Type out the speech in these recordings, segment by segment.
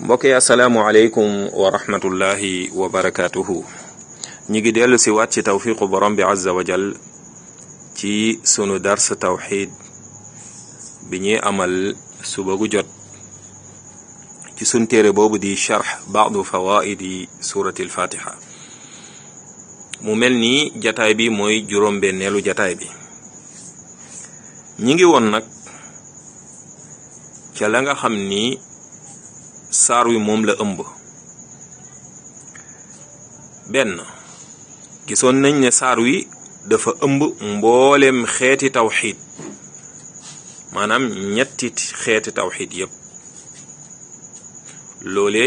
mbokk yi asalaamualeykum wa rahmatullahi ñi ngi dellu si waat ci tawfiqu borom bi azza wa jal ci sunu dars tawxid bi ñuy amal suba gu jot ci sun téere boobu di charx baadu fawaidi surati alfatiha mu mel ni jataay bi mooy juróom-benneelu jataay bi ñi ngi woon nag ca la nga xam ni saar wi moom la ëmb benn gisoon nañ ne saar wi dafa ëmb mboolem xeeti tawxiit maanaam ñetti xeeti tawxiit yépp loole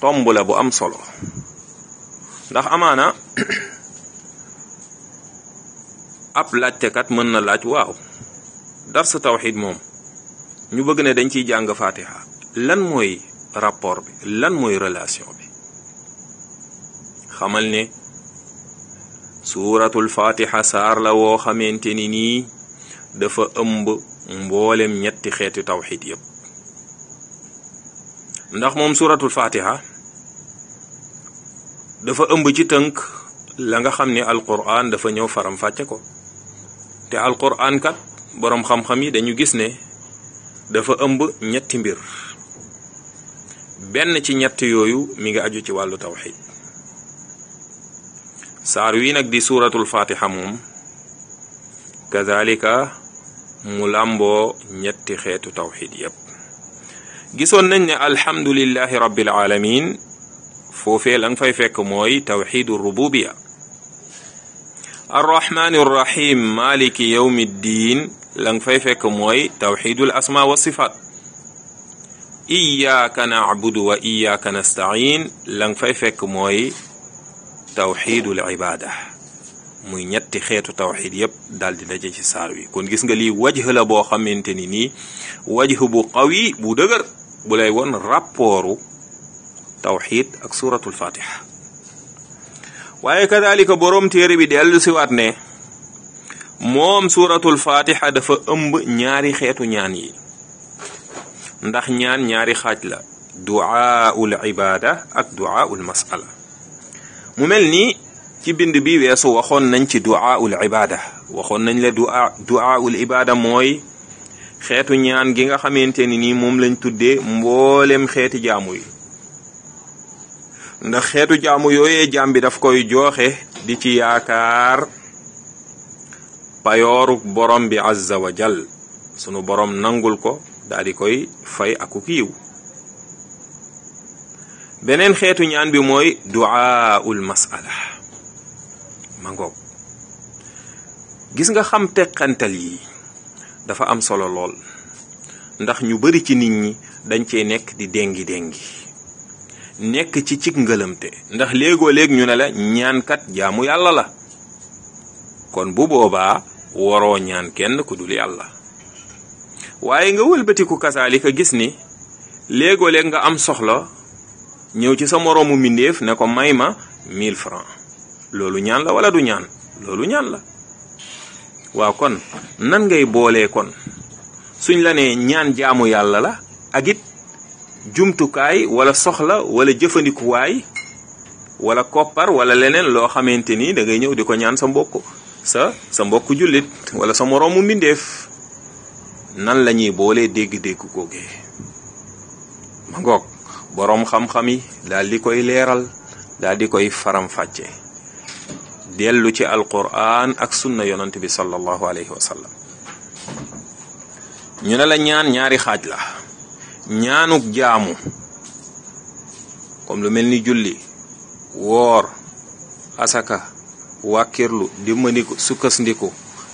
tomb la bu am solo ndax amaana ab laajtekat mën na laaj waaw darsu tawxiit moom ñu bëgg ne dañ ciy jàng faatiha lan mooy rapport bi lan mooy relation bi xamal ne suuratul fatiha saar la woo xamante ni nii dafa ëmb mboolem ñetti xeeti tawxid yépp ndax moom suuratul fatiha dafa ëmb ci tënk la nga xam ne alquran dafa ñëw faram fàcce ko te alquran kat boroom xam-xam yi dañu gis ne dafa ëmb ñetti mbir benn ci ñett yooyu mi ngi aju ci wàllu tawxid saar wi nag di suuratul fatiha moom kazalika mu làmboo ñetti xeetu tawxid yépp gisoon nañ ne alhamdulillahi rabbil alamin foofee la fay fekk mooy tawxidu rububiya arrahmani rrahim maliki yawmi ddin la nga fay fekk mooy tawxidul asma wa sifaat iyyaka na'budu wa iyyaka nasta'in la fay fekk mooy tawxiidul ibaada muy ñetti xeetu tawxiid yépp daal daje ci saar wi kon gis nga lii wajh boo xamante ni nii wajh bu qawi bu dëgër bu lay won rapportu ak suratul fatiha waaye kadalika boroom téere bi dellu siwaat ne moom suratul fatiha dafa ëmb ñaari xeetu ñaan yi ndax ñaan ñaari xaaj la duaaul ibaada ak duaaul masala mu mel ni ci bind bi weesu waxoon nañ ci duaaul ibaada waxoon nañ la duaa duaaul ibaada mooy xeetu ñaan gi nga xamante ni nii moom lañ tuddee mboolem xeeti jaamu ndax xeetu jaamu yooyee jaam bi daf koy jooxe di ci yaakaar payooru borom bi azza wa sunu boroom nangul ko daal di koy fay akuk yiw beneen xeetu ñaan bi mooy duaaul masala ma ngoog gis nga xam teqantal yi dafa am solo lool ndax ñu bari ci nit ñi dañ cee nekk di déngi déngi nekk ci cig ngëlëmte ndax léegoo léeg ñu ne la ñaankat jaamu yàlla la kon bu boobaa waroo ñaan kenn ku dul yàlla waaye nga wëlbatiku kasaalika gis ni léegoo-léeg nga am soxla ñëw ci sa moroomu mbindéef ne ko may ma 1000 francs loolu ñaan la wala du ñaan loolu la waaw kon nan ngay boolee kon suñ la nee ñaan jaamu yàlla la ak it jumtukaay wala soxla wala jëfandikuwaay wala koppar wala leneen loo xamante ni da ngay ñëw di ko ñaan sa mbokk sa sa mbokk jullit wala sa moroomu mbindéef nan lañuy ñuy boolee dégg-dégg googee ma ngoog boroom xam-xam yi daal koy leeral daldi koy faramfàcce dellu ci alquran ak sunna yonant bi sallallahu alayhi wa ñu ne la ñaan ñaari xaaj la ñaanuk jaamu comme lu mel ni julli woor asaka wàkkirlu dimbali su sukkasndiku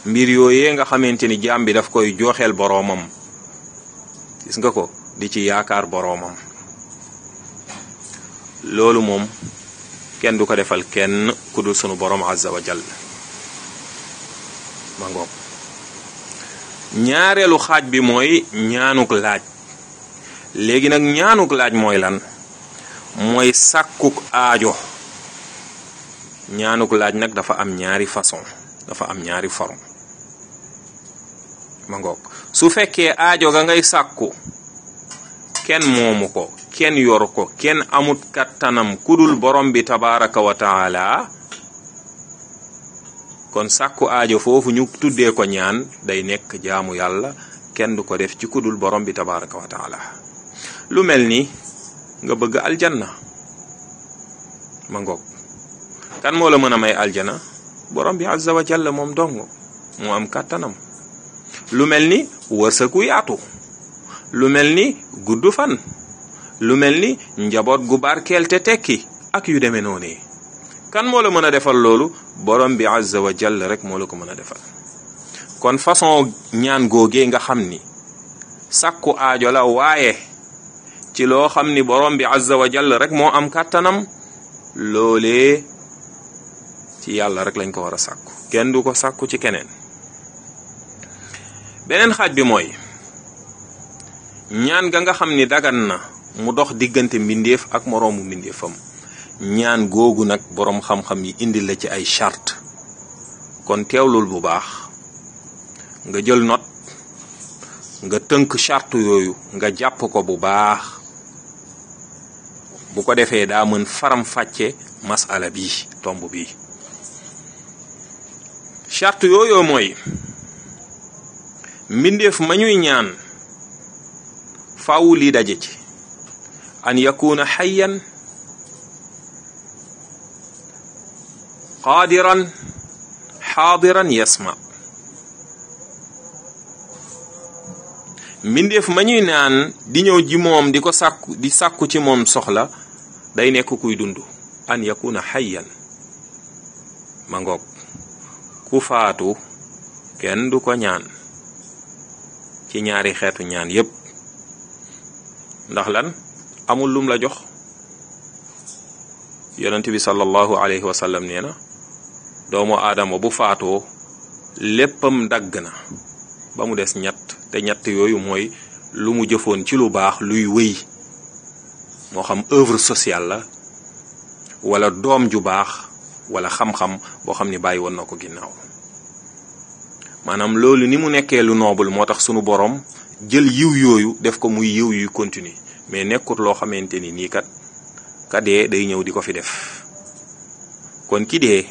mbir yooyee nga xamante ni jaam bi dafa koy jooxeel boroomam gis nga ko di ci yaakaar boroomam loolu moom kenn du ko defal kenn ku dul sunu boroom azza wa jall ñaareelu xaaj bi mooy ñaanuk laaj léegi nag ñaanuk laaj mooy lan mooy sàkkuk aajo ñaanuk laaj nag dafa am ñaari façon dafa am ñaari forme ma ngoog su fekkee aajo ga ngay sàkku kenn moomu ko kenn yoru ko kenn amut kattanam kudul borom bi tabaraka wa kon sàkku aajo foofu ñu tuddee ko ñaan day nekk jaamu yàlla kenn du ko def ci kudul borom bi tabaraka wa lu mel ni nga bëgg aljanna ma ngoog kan moo la mën a may aljana borom bi azza wa jalla moom dong moo am kàttanam lu mel ni wërsëgu yaatu lu mel ni gudd fan lu mel ni njaboot gu barkeel te tekki ak yu demee noonu kan moo la mën a defal loolu borom bi azza wa jall rek moo la ko mën a defal kon façon ñaan googee nga xam ni sàkku aajo la waaye ci loo xam ni borom bi azza wa jall rek moo am kàttanam loolee ci yàlla rek lañ ko war a sàkku kenn du ko sàkku ci keneen beneen xaaj bi mooy ñaan ga nga xam ni dagan na mu dox diggante mbindeef ak moroomu mbindeefam ñaan googu nag boroom xam-xam yi indi la ci ay charte kon teewlul bu baax nga jël not nga tënk charte yooyu nga jàpp ko bu baax bu ko defee daa mën faram fàcce masala bi tomb bi charte yooyu mooy mbindeef ma ñuy ñaan faawu lii daje ci an yakuna xayan qaadiran yasma mbindeef ma ñuy naan di ñëw ji moom di ko sàkku di sàkku ci moom soxla day nekk kuy dund an yakuna xayan ma ngoog ku faatu kenn du ko ñaan ci ñaari xeetu ñaan yépp ndax lan amul lum la jox yonent bi sallallahu alayhi wa sallam nee na doomu aadama bu faatoo léppam dagg na ba mu des ñett te ñett yooyu mooy lu mu jëfoon ci lu baax luy wéy moo xam œuvre sociale la wala doom ju baax wala xam-xam boo xam ni bàyyi woon na ko ginnaaw maanaam loolu ni mu nekkee lu noobul moo tax sunu borom jël yiw yooyu def ko muy yiw yu continue mais nekkul loo xamante ni nii kat ka dee day ñëw di ko fi def kon kii dee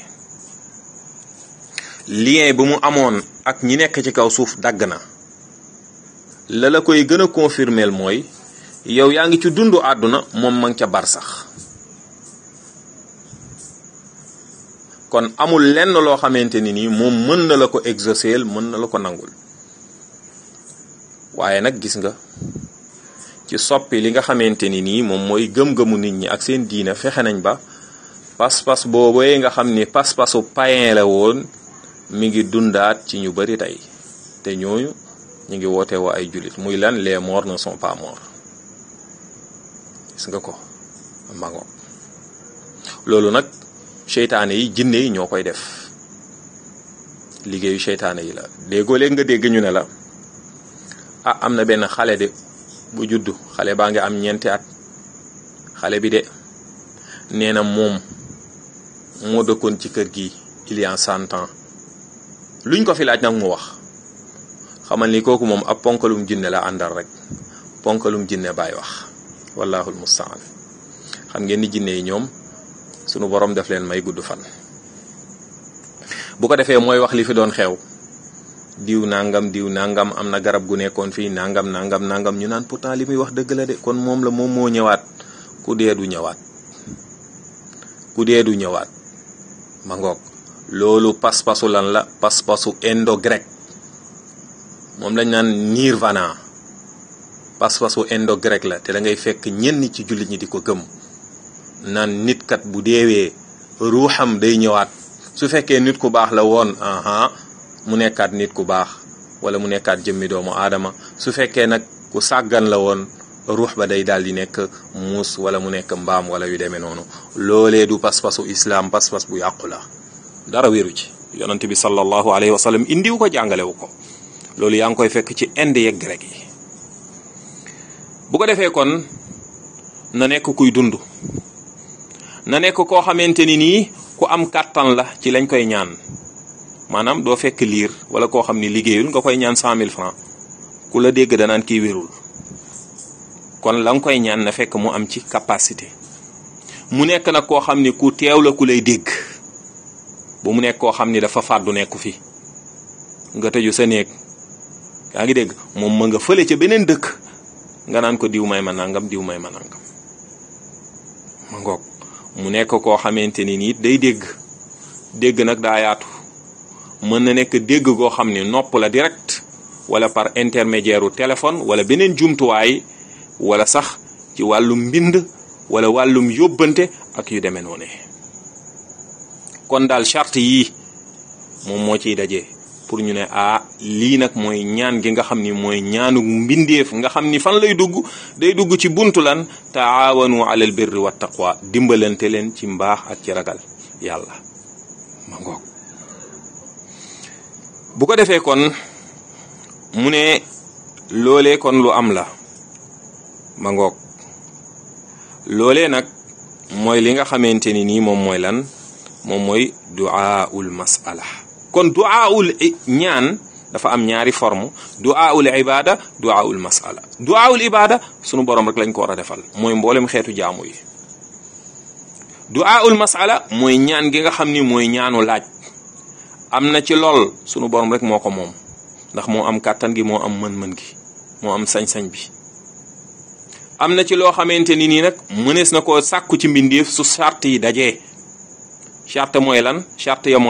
lien bu mu amoon ak ñi nekk ci kaw suuf dagg na la la koy gën a confirmeel mooy yow yaa ngi ci dund àdduna moom ma nga ca bar sax kon amul lenn loo xamante ni nii moom mën na la ko exaucer mën na la ko nangul waaye nag gis nga ci soppi li nga xamante ni nii moom mooy gëm-gëmu nit ñi ak seen diina fexe nañ ba pas-pas boobee nga xam ni pas-pasu païen la woon mi ngi dundaat ci ñu bari tey te ñooñu ñu ngi woote woo ay jullit muy lan lee morts na sont pas morts gis nga ko mango loolu nag seytaane yi jinne yi ñoo koy def liggéeyu seytaane yi la déggoo léegi nga dégg ñu ne la a ah, am na benn xale de bu juddu xale baa ngi am ñeenti at xale bi de nee na moom moo dëkkoon ci kër gi il y a cent ans luñ ko fi laaj nag mu wax xamal ni kooku moom ab ponkalum jinne la àndal rek ponkalum jinne baay wax wallahul mustaan xam ngeen ni jinne yi ñoom sunu borom def leen may gudd fan bu ko defee mooy wax li fi doon xew diw nangam diw nangam am na garab gu nekkoon fii nangam nangam nangam ñu naan pourtant li muy wax dëgg la de kon moom la moom moo ñëwaat ku dee du ñëwaat ku dee du ñëwaat ma ngoog loolu pas-pasu lan la pas-pasu indo-grec moom lañ naan nirvana pas-pasu indo-grec la te da ngay fekk ñenn ci jullit ñi di ko gëm naan nit kat bu deewee ruuxam day ñëwaat su fekkee nit ku baax la woon aha mu nekkaat nit ku baax wala mu nekkaat jëmmi doomu aadama su fekkee nag ku sàggan la woon ruux ba day daal di nekk muus wala mu nekk mbaam wala yu demee noonu loolee du pas-pasu islaam pas-pas bu yàqu la dara wéru ci yonent bi sallallahu alayhi wa sallam indiwu ko jàngalewu ko loolu yaa ngi koy fekk ci Inde yeeg rek yi bu ko defee kon na nekk kuy dund na nekk koo xamante ni nii ku am kàttan la ci lañ koy ñaan maanaam doo fekk liir wala koo xam ni liggéeyul nga koy ñaan cent mille francs ku la dégg danaan kii wérul kon la nga koy ñaan na fekk mu am ci capacité mu nekk nag koo xam ni ku teew la ku lay dégg bu mu nekk koo xam ni dafa fàddu nekku fi nga tëju sa néeg yaa ngi dégg moom ma nga fële ca beneen dëkk nga naan ko diw may ma nangam diw may ma nangam ma mu nekk koo xamante ni nii day dégg dégg nag daayaatu mën na nekk dégg goo xam ne nopp la direct wala par intermédiaire u téléphone wala beneen jumtuwaay wala sax ci wàllum mbind wala wàllum yóbbante ak yu demee noone kon daal charte yii moom moo ciy daje pour ñu ne ah lii nag mooy ñaan gi nga xam ni mooy ñaanu mbindeef nga xam ni fan lay dugg day dugg ci buntu lan taawanu alal birri wa dimbalante leen ci mbaax ak ci ragal yàlla bu ko defee kon mu ne loole kon lu am la magook loole nag mooy li nga xamante ni nii moom mooy lan moom mooy duaaul masala kon du du'aaul ñaan dafa am ñaari forme du ibada du'aaul masala du'aaul ibada sunu borom rek lañ ko war a defal mooy mboolem xeetu jaamu yi du'aaul masala mooy ñaan gi nga xam ni mooy ñaanu laaj am na ci lool sunu borom rek moo ko moom ndax moo am kàttan gi moo am mën-mën gi moo am sañ-sañ bi am na ci loo xamante ni nii nag mënees na koo sàkku ci mbindeef su charte yi dajee charte mooy lan charte ya